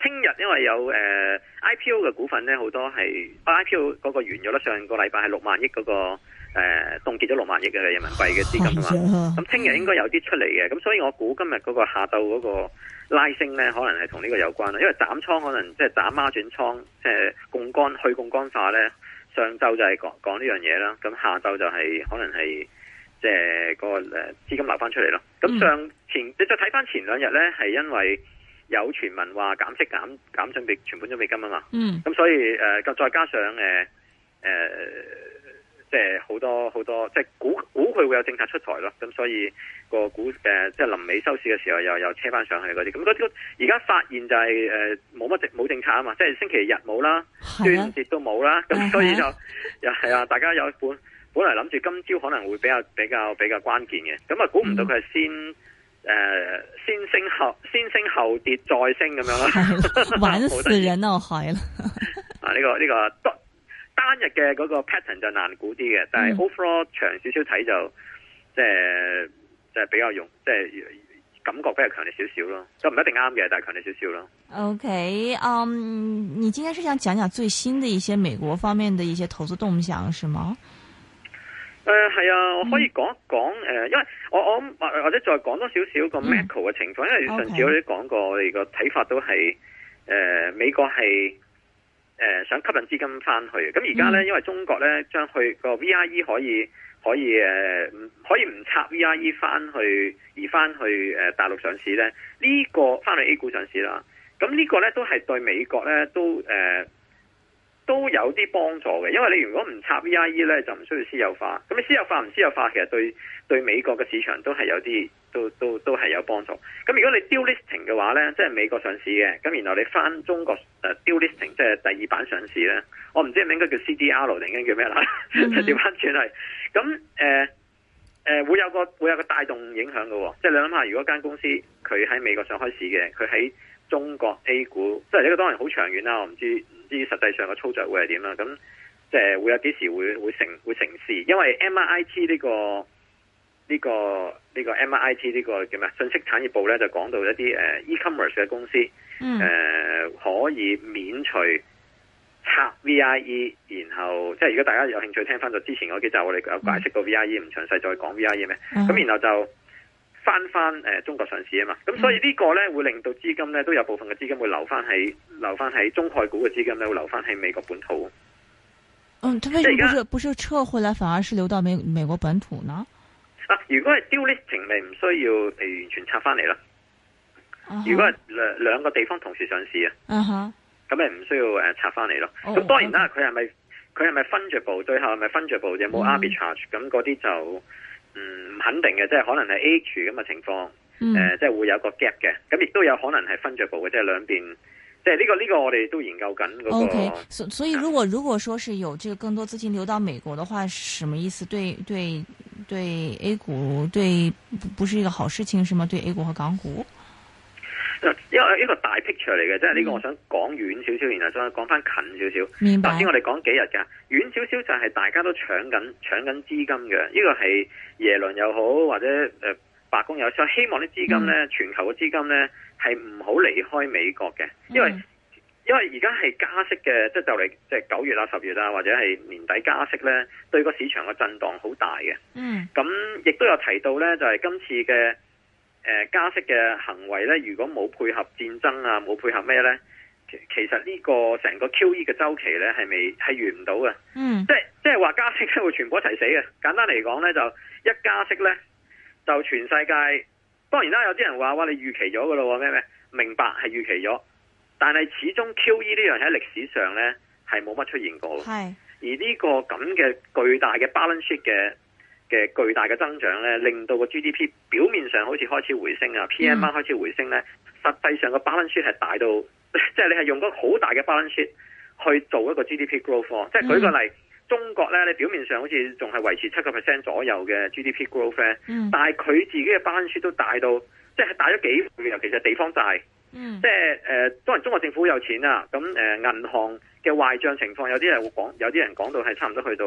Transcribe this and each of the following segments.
聽日因為有誒、呃、IPO 嘅股份咧，好多係、啊、IPO 嗰個完咗啦。上個禮拜係六萬億嗰、那個誒凍、呃、結咗六萬億嘅人民幣嘅資金啊嘛。咁聽日應該有啲出嚟嘅。咁所以我估今日嗰個下晝嗰個拉升咧，可能係同呢個有關啦。因為斬倉可能即係斬孖轉倉，即係槓桿去槓桿化咧，上晝就係講講呢樣嘢啦。咁下晝就係、是、可能係即係個誒資金流翻出嚟咯。咁上前、嗯、你再睇翻前兩日咧，係因為。有傳聞話減息減減準備存款準備金啊嘛，咁、嗯、所以誒、呃，再加上誒誒，即係好多好多，即係、就是、估估佢會有政策出台咯。咁所以個股誒，即係臨尾收市嘅時候又又車翻上去嗰啲，咁啲而家發現就係誒冇乜政冇政策啊嘛，即、就、係、是、星期日冇啦，端午節、啊、都冇啦，咁所以就又係啊， 大家有一本本來諗住今朝可能會比較比較比較關鍵嘅，咁啊估唔到佢係先。嗯誒、呃，先升後先升後跌，再升咁樣咯， 玩死人咯，害啦！啊、呢、這個呢、這個單日嘅嗰個 pattern 就難估啲嘅，但係 overall 長少少睇就即係即係比較容即係感覺比較強烈少少咯，就唔一定啱嘅，但係強烈少少咯。OK，嗯、um，你今天是想講講最新的一些美國方面的一些投資動向，是嗎？誒、呃，係啊、嗯，我可以講一講誒、呃，因為我我或者再講多少少個 macro 嘅情況、嗯，因為上次我哋講過，我哋個睇法都係誒、呃，美國係誒、呃、想吸引資金翻去，咁而家咧，因為中國咧將佢個 VIE 可以可以誒，可以唔、呃、拆 VIE 翻去，而翻去誒、呃、大陸上市咧，呢、這個翻去 A 股上市啦，咁呢個咧都係對美國咧都誒。呃都有啲幫助嘅，因為你如果唔插 VIE 呢，就唔需要私有化。咁你私有化唔私有化，其實對對美國嘅市場都係有啲，都都都係有幫助。咁如果你 dual listing 嘅話呢，即係美國上市嘅，咁然後你翻中國誒 dual listing，即係第二板上市呢，我唔知係咪應該叫 CDR 定應該叫咩啦，調翻轉係，咁誒、呃呃、會有個會有個帶動影響嘅、哦，即係你諗下，如果間公司佢喺美國上開市嘅，佢喺中國 A 股，即係呢個當然好長遠啦，我唔知。啲實際上嘅操作會係點啦？咁即係會有幾時會會成會成事？因為 MIT 呢、呢個呢、呢個呢、呢個 MIT 呢、呢個叫咩？信息產業部呢，就講到一啲、uh, e-commerce 嘅公司，誒、嗯呃、可以免除拆 VIE，然後即係如果大家有興趣聽翻就之前嗰幾集我哋有解釋過 VIE，唔詳細再講 VIE 咩？咁然後就。嗯嗯翻翻中國上市啊嘛，咁所以這個呢個咧會令到資金咧都有部分嘅資金會留翻喺留翻喺中概股嘅資金咧會留翻喺美國本土。嗯，即不，不是撤回來反而是留到美美國本土呢？啊，如果係 dual listing 咪唔需要誒完全拆翻嚟咯。Uh -huh. 如果係兩兩個地方同時上市啊，咁咪唔需要誒拆翻嚟咯。咁、uh -huh. 當然啦，佢係咪佢係咪 fungible 最後係咪 fungible 有冇 arbitrage？咁嗰啲就。嗯，唔肯定嘅，即係可能係 A H 咁嘅情況，誒、嗯呃，即係會有一個 gap 嘅，咁亦都有可能係分着步嘅，即係兩邊，即係呢個呢個我哋都研究緊。OK，所所以如果如果說是有這個更多資金流到美國嘅話，什麼意思？對對對，對，A 股對不是一個好事情，是嗎？對 A 股和港股？因一,一個大 picture 嚟嘅，即係呢個我想講遠少少，然後再講翻近少少。明白。頭先我哋講幾日噶，遠少少就係大家都搶緊搶緊資金嘅，呢、這個係耶倫又好或者誒、呃、白宮又好，所以希望啲資金咧、嗯，全球嘅資金咧係唔好離開美國嘅，因為、嗯、因為而家係加息嘅，即係就嚟即係九月啊、十月啊或者係年底加息咧，對個市場嘅震盪好大嘅。嗯。咁亦都有提到咧，就係、是、今次嘅。誒、呃，加息嘅行為咧，如果冇配合戰爭啊，冇配合咩咧，其其實呢個成個 QE 嘅週期咧，係未係完唔到嘅。嗯，即係即係話加息咧會全部一齊死嘅。簡單嚟講咧，就一加息咧，就全世界。當然啦，有啲人話哇你預期咗噶咯，咩咩？明白係預期咗，但係始終 QE 呢樣喺歷史上咧係冇乜出現過。係。而呢個咁嘅巨大嘅 balance sheet 嘅。嘅巨大嘅增長咧，令到個 GDP 表面上好似開始回升啊，PMI 開始回升咧，嗯，實際上個 balance sheet 係大到，即係你係用個好大嘅 balance sheet 去做一個 GDP growth。即係舉個例，嗯、中國咧，你表面上好似仲係維持七個 percent 左右嘅 GDP growth，嗯、但係佢自己嘅 balance sheet 都大到，即係大咗幾倍，其實地方債，即係誒，當然中國政府有錢啊。咁誒、呃、銀行嘅壞帳情況，有啲人會講，有啲人講到係差唔多去到，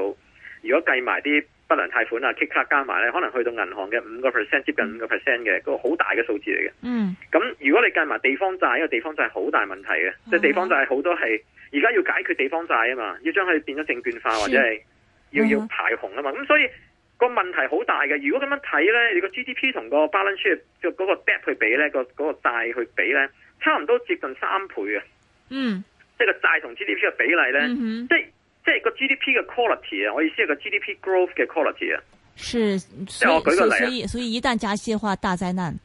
如果計埋啲。不良貸款啊，kick 借卡加埋咧，可能去到銀行嘅五個 percent，接近五個 percent 嘅，個好大嘅數字嚟嘅。嗯。咁如果你計埋地方債，因為地方債好大問題嘅，即、嗯、係、就是、地方債好多係而家要解決地方債啊嘛，要將佢變咗證券化或者係要要排紅啊嘛，咁、嗯、所以個問題好大嘅。如果咁樣睇咧，你個 GDP 同個 balance 即係嗰個 debt 去比咧，個嗰、個債去比咧，差唔多接近三倍啊。嗯。即係個債同 GDP 嘅比例咧，即、嗯、係。就是即係個 GDP 嘅 quality 啊，我意思係個 GDP growth 嘅 quality 啊。是，所以所以所以，所以所以一旦加息嘅話，大災難。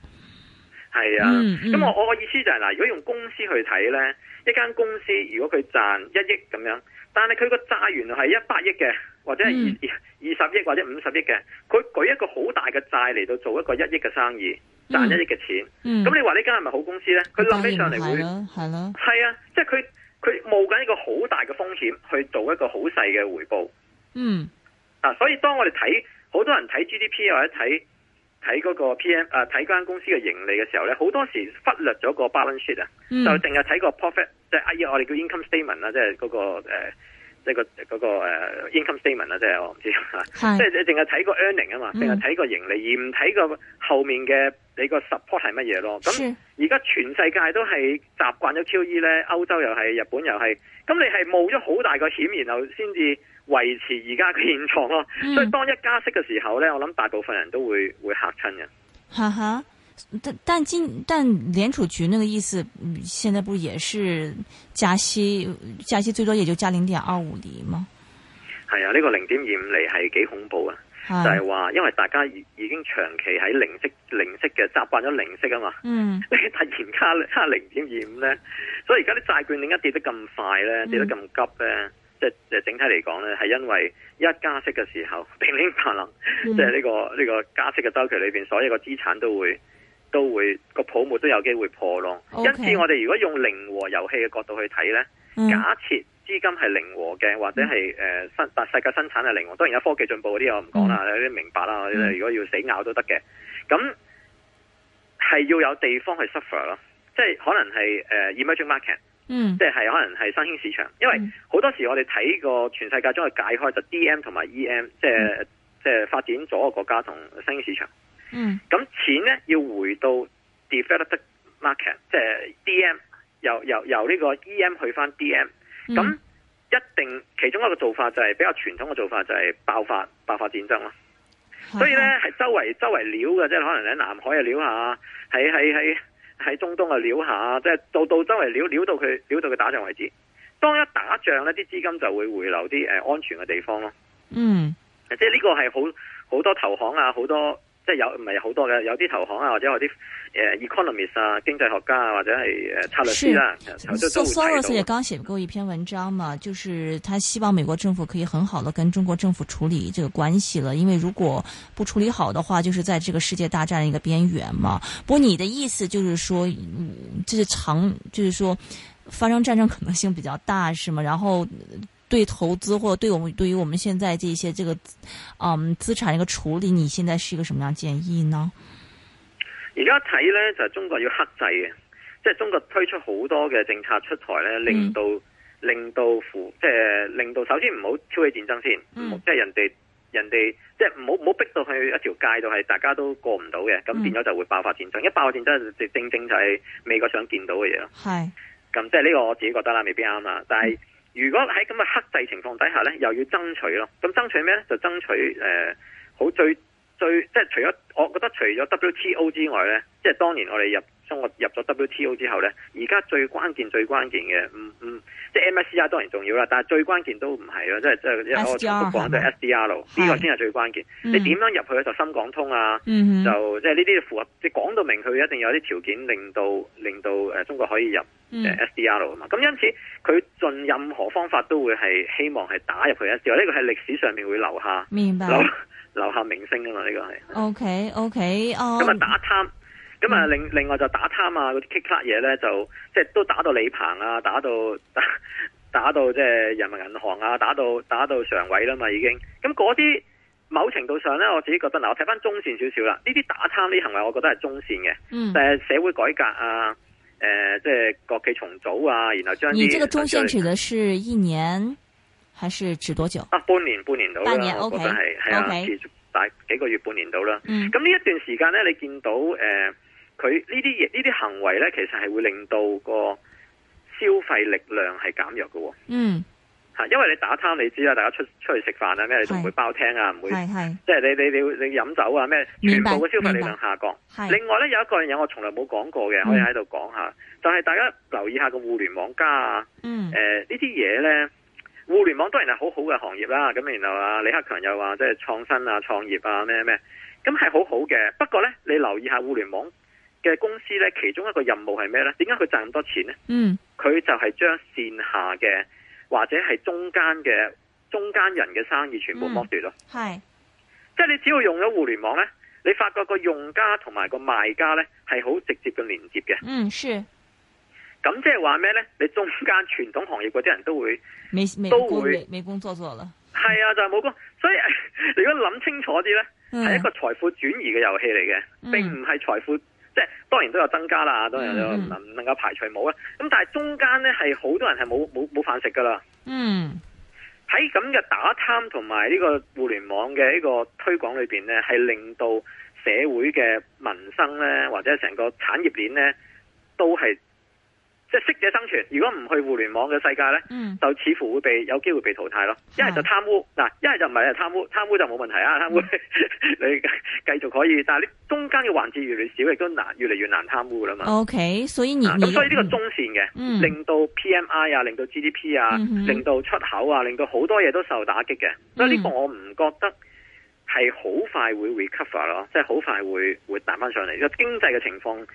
係啊，咁、嗯嗯、我我嘅意思就係、是、嗱，如果用公司去睇咧，一間公司如果佢賺一億咁樣，但係佢個債原來係一百億嘅，或者係二二十億或者五十億嘅，佢、嗯、舉一個好大嘅債嚟到做一個一億嘅生意，賺一億嘅錢，咁、嗯嗯、你話呢間係咪好公司咧？佢諗起上嚟會，係、嗯、啦，係、嗯、啊，即係佢。佢冒緊一個好大嘅風險去做一個好細嘅回報。嗯，啊，所以當我哋睇好多人睇 GDP 或者睇睇嗰個 PM 啊，睇間公司嘅盈利嘅時候咧，好多時忽略咗個 balance sheet 啊、嗯，就淨係睇個 profit，即係阿我哋叫 income statement 啦、嗰個，即係嗰個誒即係、個嗰、個、呃、income statement 啊，即係我唔知嚇，即係你淨係睇個 earning 啊嘛，淨係睇個盈利，而唔睇個後面嘅你個 support 係乜嘢咯。咁而家全世界都係習慣咗 QE 咧，歐洲又係，日本又係，咁你係冒咗好大個險，然後先至維持而家嘅現狀咯、嗯。所以當一加息嘅時候咧，我諗大部分人都會會嚇親嘅。哈哈。但但今但聯儲局那個意思，現在不也是加息？加息最多也就加零點二五厘嗎？係啊，呢個零點二五厘係幾恐怖啊，係啊！就係話，因為大家已已經長期喺零息零息嘅習慣咗零息啊嘛，你突然加加零點二五咧，所以而家啲債券點解跌得咁快咧？跌得咁急咧？即係即係整體嚟講咧，係因為一加息嘅時候，叮叮當當，即係呢個呢個加息嘅周期裏邊，所有個資產都會。都會個泡沫都有機會破咯。Okay. 因此，我哋如果用零和遊戲嘅角度去睇呢、嗯，假設資金係零和嘅，或者係誒生但世界生產係零和、嗯，當然有科技進步嗰啲我唔講啦，你都明白啦。你、嗯、如果要死咬都得嘅，咁係要有地方去 suffer 咯，即係可能係誒、呃、emerging market，、嗯、即係可能係新興市場，因為好多時候我哋睇個全世界將佢解開就 dm 同埋 em，、嗯、即係即係發展咗個國家同新興市場。嗯，咁錢咧要回到 developed market，即係 DM，由由由呢個 EM 去返 DM，咁、嗯、一定其中一個做法就係、是、比較傳統嘅做法就係爆發爆發戰爭咯。所以咧係周圍周圍撩嘅，即係可能喺南海啊撩下，喺喺喺喺中東啊撩下，即係到到周圍撩撩到佢撩到佢打仗為止。當一打仗咧，啲資金就會回流啲誒安全嘅地方咯。嗯，即係呢個係好好多投行啊，好多。即係有唔係好多嘅，有啲投行啊，或者有啲誒、呃、economist 啊，經濟學家、啊、或者係誒、呃、策略師啦，好多都會睇到。索羅斯也剛寫過一篇文章嘛，就是他希望美國政府可以很好的跟中國政府處理這個關係了，因為如果不處理好的話，就是在這個世界大戰的一個邊緣嘛。不過你的意思就是說，嗯、就是長就是說發生戰爭可能性比較大，是嘛？然後。對投資或者對我們對於我們現在這些這個，嗯、資產一個處理，你現在是一個什麼樣的建議呢？而家睇咧就係、是、中國要克制嘅，即、就、係、是、中國推出好多嘅政策出台咧，令到、嗯、令到負，即係令到首先唔好挑起戰爭先，即、嗯、係、就是、人哋人哋即係唔好唔好逼到去一條街度係大家都過唔到嘅，咁變咗就會爆發戰爭。一爆發戰爭、就是，正正就係美國想見到嘅嘢咯。係咁，即係呢個我自己覺得啦，未必啱啊。但係。嗯如果喺咁嘅克制情況底下咧，又要爭取咯。咁爭取咩咧？就爭取誒、呃、好最最即係除咗我覺得除咗 WTO 之外咧，即係當年我哋入。中國入咗 WTO 之後咧，而家最關鍵、最關鍵嘅，嗯嗯，即係 MSCI 當然重要啦，但係最關鍵都唔係咯，即係即係一個講就係 SDR，呢、這個先係最關鍵，嗯。你點樣入去就深港通啊，嗯、就即係呢啲符合，你講到明佢一定有啲條件令到，令到令到誒中國可以入 SDR 啊嘛。咁、嗯嗯、因此佢盡任何方法都會係希望係打入去 SDR，呢個係歷史上面會留下，留留下名聲啊嘛。呢、這個係 OK OK 哦，今日打貪。咁、嗯、啊，另另外就打貪啊，嗰啲 kick cut 嘢咧，就即係、就是、都打到李鵬啊，打到打打到即係人民銀行啊，打到打到常委啦嘛，已經。咁嗰啲某程度上咧，我自己覺得嗱，我睇翻中線少少啦。呢啲打貪呢行為，我覺得係中線嘅。嗯。誒、就是、社會改革啊，即、呃、係、就是、國企重組啊，然後將你這個中線指的是一年，還是指多久？啊，半年，半年到啦。半年 O K。係、okay，啊。持、okay。續大幾個月，半年到啦。嗯。咁呢一段時間咧，你見到誒？呃佢呢啲嘢，呢啲行為呢，其實係會令到個消費力量係減弱嘅。哦。嗯，吓，因為你打貪，你知啦，大家出出去食飯啊，咩、就是、你都唔會包廳啊，唔會即係你你你你飲酒啊，咩全部嘅消費力量下降，下降。另外呢，有一個嘢我從來冇講過嘅，可以喺度講下，就係、是、大家留意下個互聯網加啊，誒呢啲嘢呢，互聯網當然係好好嘅行業啦。咁然後啊，李克強又話即係創新啊，創業啊，咩咩，咁係好好嘅。不過呢，你留意下互聯網。嘅公司咧，其中一個任務係咩咧？點解佢賺咁多錢咧？嗯，佢就係將線下嘅或者係中間嘅中間人嘅生意全部剝奪咯。係、嗯，即係你只要用咗互聯網咧，你發覺個用家同埋個賣家咧，係好直接嘅連接嘅。嗯，咁即係話咩咧？你中間傳統行業嗰啲人都會都會冇工，冇工作做了。係啊，就係冇工。所以你如果諗清楚啲咧，係一個財富轉移嘅遊戲嚟嘅，嗯，並唔係財富。即係當然都有增加啦，當然就唔能唔能夠排除冇啦。咁但係中間呢，係好多人係冇冇冇飯食噶啦。嗯，喺咁嘅打貪同埋呢個互聯網嘅呢個推廣裏邊呢，係令到社會嘅民生呢，或者成個產業鏈呢，都係。即係適者生存，如果唔去互聯網嘅世界呢、嗯，就似乎會被有機會被淘汰咯。一係就貪污，嗱，一係就唔係貪污，貪污就冇問題啊，貪污 你繼續可以，但係呢，中間嘅環節越嚟越少，亦都難越嚟越難貪污啦嘛。O K，所以咁，所以呢個中線嘅、嗯，令到 P M I 啊，令到 G D P 啊、嗯，令到出口啊，令到好多嘢都受打擊嘅、嗯。所以呢個我唔覺得係好快會 recover 咯，即係好快會會彈翻上嚟。因為經濟嘅情況。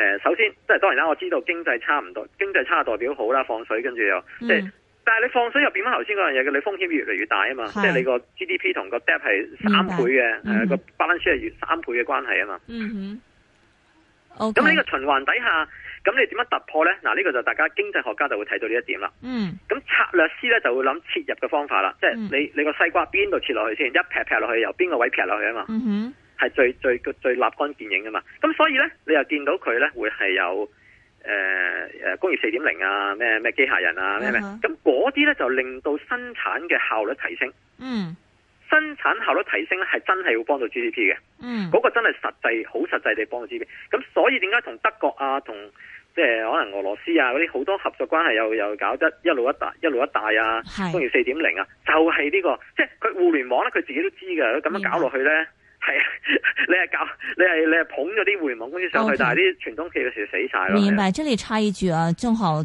誒，首先即係當然啦，我知道經濟差唔多，經濟差代表好啦，放水跟住又即係，但係你放水又變翻頭先嗰樣嘢嘅，你風險越嚟越大啊嘛！即係你個 GDP 同個 debt 係三倍嘅，係個 balance 係三倍嘅關係啊嘛！嗯哼，咁喺呢個循環底下，咁你點樣突破咧？嗱，呢個就大家經濟學家就會睇到呢一點啦。咁、嗯、策略師咧就會諗切入嘅方法啦、嗯，即係你你個西瓜邊度切落去先？一劈劈落去，由邊個位劈落去啊嘛？嗯哼係最最最立竿見影噶嘛，咁所以咧，你又見到佢咧會係有誒誒、呃、工業四點零啊，咩咩機械人啊，咩咩，咁嗰啲咧就令到生產嘅效率提升。嗯、uh -huh.，生產效率提升咧係真係會幫到 GDP 嘅。嗯，嗰個真係實際好實際地幫到 GDP。咁所以點解同德國啊，同即係可能俄羅斯啊嗰啲好多合作關係又又搞得一路一帶一路一帶啊，uh -huh. 工業四點零啊，就係、是、呢、這個，即係佢互聯網咧，佢自己都知噶，咁樣搞落去咧。Uh -huh. 係、啊，你係搞，你係你係捧咗啲互聯網公司上去，okay. 但係啲傳統企業就死晒啦。明白、啊，這裏插一句啊，正好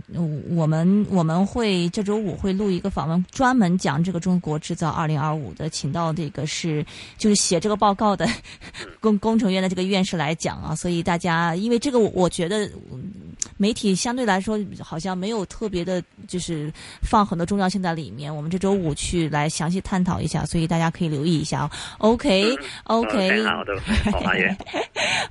我們我們會這周五會錄一個訪問，專門講這個中國製造二零二五的，請到這個是就是寫這個報告的工工程院的這個院士來講啊，所以大家因為這個我我覺得媒體相對來說好像沒有特別的，就是放很多重要性在裏面。我們這周五去來詳細探討一下，所以大家可以留意一下、啊。OK，OK, 嗯。OK. O 下我都講下嘢。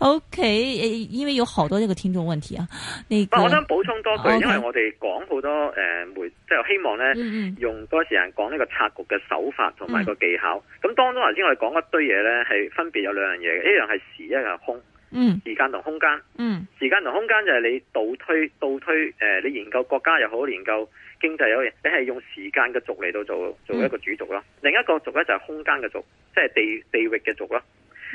O K，因為有好多呢個聽眾問題啊，你、那個。我想補充多句，okay, 因為我哋講好多誒媒、呃，即係希望咧、嗯嗯、用多時間講呢個拆局嘅手法同埋個技巧。咁、嗯、當中頭先我哋講一堆嘢咧，係分別有兩樣嘢嘅，一樣係時，一樣係空。嗯。時間同空間。嗯。時間同空間就係你倒推，倒推誒、呃，你研究國家又好，研究經濟有嘢，你係用時間嘅軸嚟到做做一個主軸咯、嗯。另一個軸咧就係空間嘅軸，即、就、係、是、地地域嘅軸咯。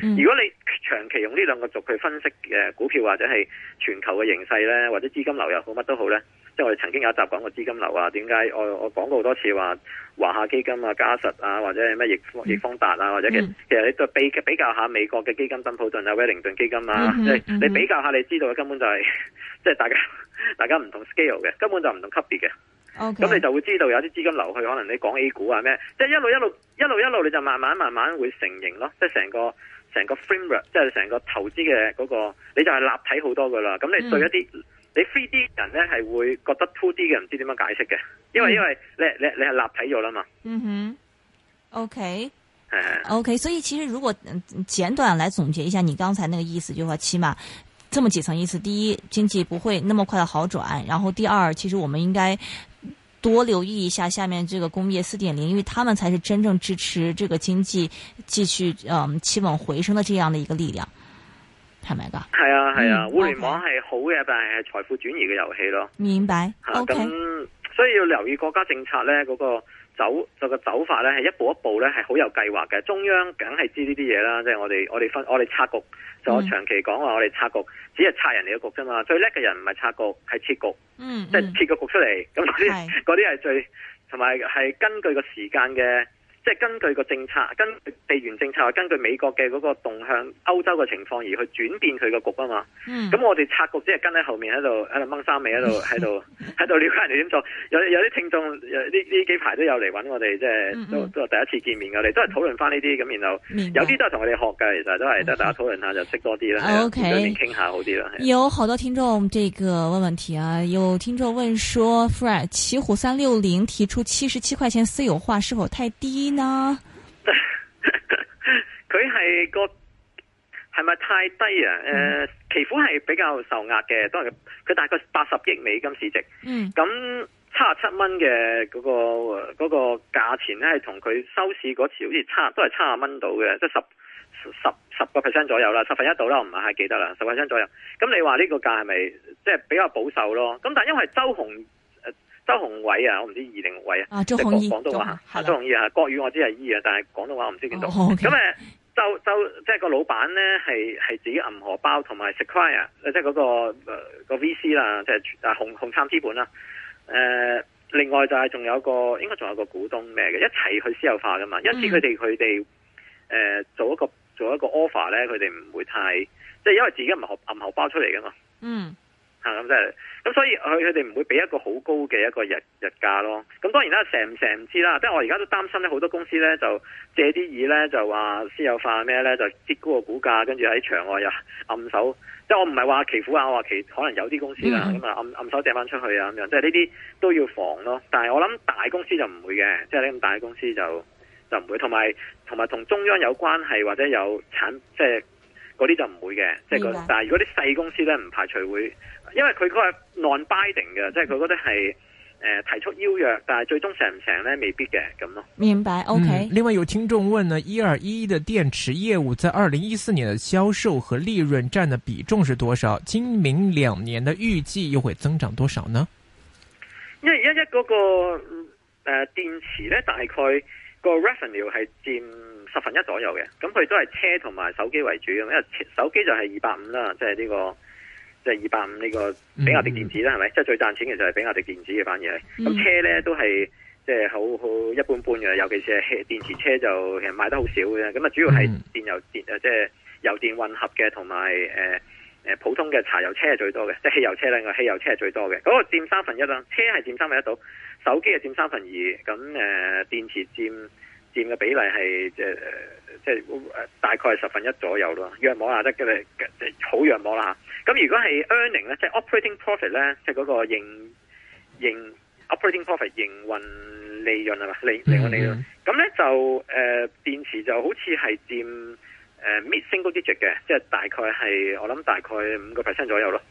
如果你長期用呢兩個軸去分析誒股票或者係全球嘅形勢咧，或者資金流又好乜都好咧，即係我哋曾經有一集講過資金流啊。點解我我講過好多次話華夏基金啊、嘉實啊，或者係咩易易方達啊，或者其、嗯、其實你對比比較下美國嘅基金、鄧普頓啊、威靈頓基金啊，嗯嗯嗯即係、你比較一下，你知道嘅根本就係、是、即係大家大家唔同 scale 嘅，根本就唔同級別嘅。咁、okay。你就會知道有啲資金流去，可能你講 A 股啊咩，即、就、係、是、一路一路一路一路你就慢慢慢慢會成型咯，即係成個成個 framework，即係成個投資嘅嗰、那個，你就係立體好多噶啦。咁你對一啲、嗯、你 three D 人咧係會覺得 two D 嘅唔知點樣解釋嘅，因為、嗯、因為你你你係立體咗啦嘛。嗯哼，OK，OK，、okay. yeah. okay, 所以其實如果簡短嚟總結一下你剛才那個意思就話，起碼。這麼幾層意思：第一，經濟不會那麼快的好轉；然後，第二，其實我們應該多留意一下下面這個工業四點零，因為他們才是真正支持這個經濟繼續嗯企穩回升的這樣的一個力量。係咪噶？係啊係啊，互聯網係好嘅、嗯 okay，但係財富轉移嘅遊戲咯。明白、啊、，OK。所以要留意國家政策呢嗰、那個。走就個走法咧，係一步一步咧，係好有計劃嘅。中央梗係知呢啲嘢啦，即、就、係、是、我哋我哋分我哋拆局，嗯、就我長期講話我哋拆局，只係拆人哋嘅局啫嘛。最叻嘅人唔係拆局，係設局，嗯，嗯，即係設個局出嚟。咁啲嗰啲係最，同埋係根據個時間嘅。即係根據個政策，根據地緣政策，係根據美國嘅嗰個動向、歐洲嘅情況而去轉變佢個局啊嘛。咁、嗯、我哋拆局只係跟喺後面喺度喺度掹三味，喺度喺度喺度了解人哋點做。有有啲聽眾，呢呢幾排都有嚟揾我哋，即、嗯、係都都係第一次見面我哋、嗯、都係討論翻呢啲咁，然後有啲都係同我哋學嘅，其實都係大家討論下就識多啲啦。OK，傾下好啲啦，okay。有好多聽眾呢個問問題啊，有聽眾問說，說，Fred，奇虎三六零提出七十七塊錢私有化是否太低呢？啊！ 佢係個係咪太低啊？誒、mm. 呃，奇虎係比較受壓嘅，都係佢，大概八十億美金市值。嗯、mm. 那個，咁七十七蚊嘅嗰個嗰個價錢咧，係同佢收市嗰次好似差，都係差十蚊到嘅，即十十十個 percent 左右啦，十、就是、分一度啦，我唔係太記得啦，十分 percent 左右。咁你話呢個價係咪即係比較保守咯？咁但係因為周鴻。周鴻偉啊，我唔知二定位啊，啊即係廣東話、啊，周鴻義啊，啊，啊，國語我知係伊啊，但係廣東話我唔知點讀。咁、哦、誒，周周即係個老闆咧，係係自己銀荷包同埋 Sequoia 即係嗰、個、呃個 VC 啦，即、就、係、是、啊紅紅杉資本啦、啊。誒、呃，另外就係仲有個，應該仲有個股東咩嘅，一齊去私有化噶嘛、嗯。因此佢哋佢哋誒做一個做一個 offer 咧，佢哋唔會太即係，就是、因為自己唔係學銀荷包出嚟噶嘛。嗯。吓咁即係，咁、就是、所以佢佢哋唔會俾一個好高嘅一個日日價咯。咁當然啦，成唔成唔知啦。即係我而家都擔心咧，好多公司咧就借啲意咧就話私有化咩咧，就跌高個股價，跟住喺場外又暗手。即係我唔係話奇虎啊，我話奇可能有啲公司啦，咁啊暗暗手借翻出去啊咁樣。即係呢啲都要防咯。但係我諗大公司就唔會嘅，即係你咁大嘅公司就就唔會。同埋同埋同中央有關係或者有產即係。嗰啲就唔會嘅，即係個，但係如果啲細公司咧，唔排除會，因為佢嗰個 non-binding 嘅，嗯，即係佢覺得係誒、呃、提出邀約，但係最終成唔成咧，未必嘅咁咯。明白。OK，嗯。另外有聽眾問呢，一二一一的電池業務在二零一四年的銷售和利潤佔嘅比重是多少？今明兩年的預計又會增長多少呢？因為一一一嗰個誒、呃、電池咧，大概個 revenue 係佔。十分一左右嘅，咁佢都係車同埋手機為主嘅，因為手機就係二百五啦，即係呢個即係二百五呢個比亞迪電子啦，係、嗯、咪？即係最賺錢嘅就係比亞迪電子嘅反而嘢。咁、嗯、車呢都係即係好好一般般嘅，尤其是係電池車就其實賣得好少嘅，咁啊主要係電油電即係油電混合嘅同埋誒普通嘅柴油車係最多嘅，即係汽油車呢，個汽油車係最多嘅，嗰個佔三分一啦，車係佔三分一到，手機係佔三分二，咁誒、呃、電池佔。佔嘅比例係、呃、即即係、呃、大概係十分一左右咯，弱摸啊得嘅，好弱摸啦，咁如果係 earning 咧，即係 operating profit 咧，即係嗰個營，營 operating profit 營運利潤啊嘛，利營運利,利潤。咁、mm、咧 -hmm. 就誒、呃、電池就好似係佔誒、呃、mid single digit 嘅，即、就、係、是、大概係我諗大概五個 percent 左右咯。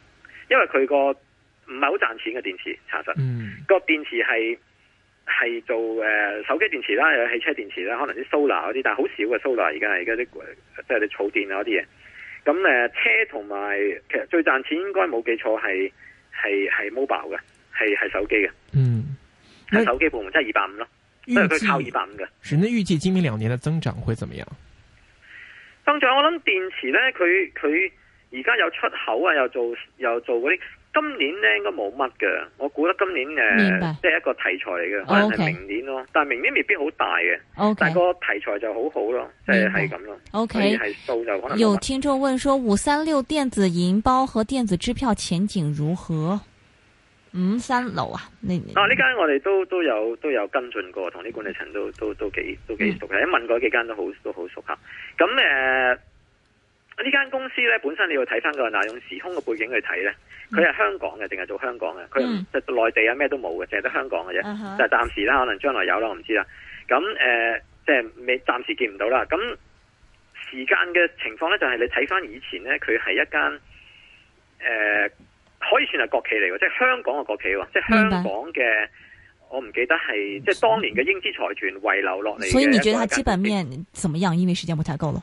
因為佢個唔係好賺錢嘅電池，查實個、mm -hmm. 電池係。係做誒、呃、手機電池啦，有汽車電池啦，可能啲 solar 嗰啲，但係好少嘅 solar 而家係而家啲即係啲儲電啊嗰啲嘢。咁誒、呃、車同埋其實最賺錢應該冇記錯係係係 mobile 嘅，係係手機嘅。嗯，喺手機部門即係二百五咯，因為佢靠二百五嘅。是，那預計今明兩年嘅增長會怎麼樣？增長我諗電池咧，佢佢而家有出口啊，又做又做嗰啲。今年咧應該冇乜嘅，我估得今年誒，即係、呃就是、一個題材嚟嘅，可能係明年咯。哦 okay、但係明年未必好大嘅、okay，但係個題材就好好咯，即係係咁咯。O、okay、K，有聽眾問說五三六電子銀包和電子支票前景如何？五三六啊？呢啊呢間我哋都都有都有跟進過，同啲管理層都都都幾都幾熟嘅，問、嗯、過幾間都好都好熟客。咁、嗯、誒。呢間公司咧，本身你要睇翻個嗱，用時空嘅背景去睇咧，佢係香港嘅，定係做香港嘅，佢、嗯、內地啊咩都冇嘅，淨係得香港嘅啫。就、啊、暫時啦，可能將來有啦，我唔知啦。咁、嗯、誒，即係未暫時見唔到啦。咁、嗯、時間嘅情況咧、就是，就係你睇翻以前咧，佢係一間誒、呃，可以算係國企嚟嘅，即係香港嘅國企喎，即係香港嘅。我唔記得係即係當年嘅英資財團遺留落嚟。所以你覺得佢基本面怎麼樣？因為時間不太夠啦。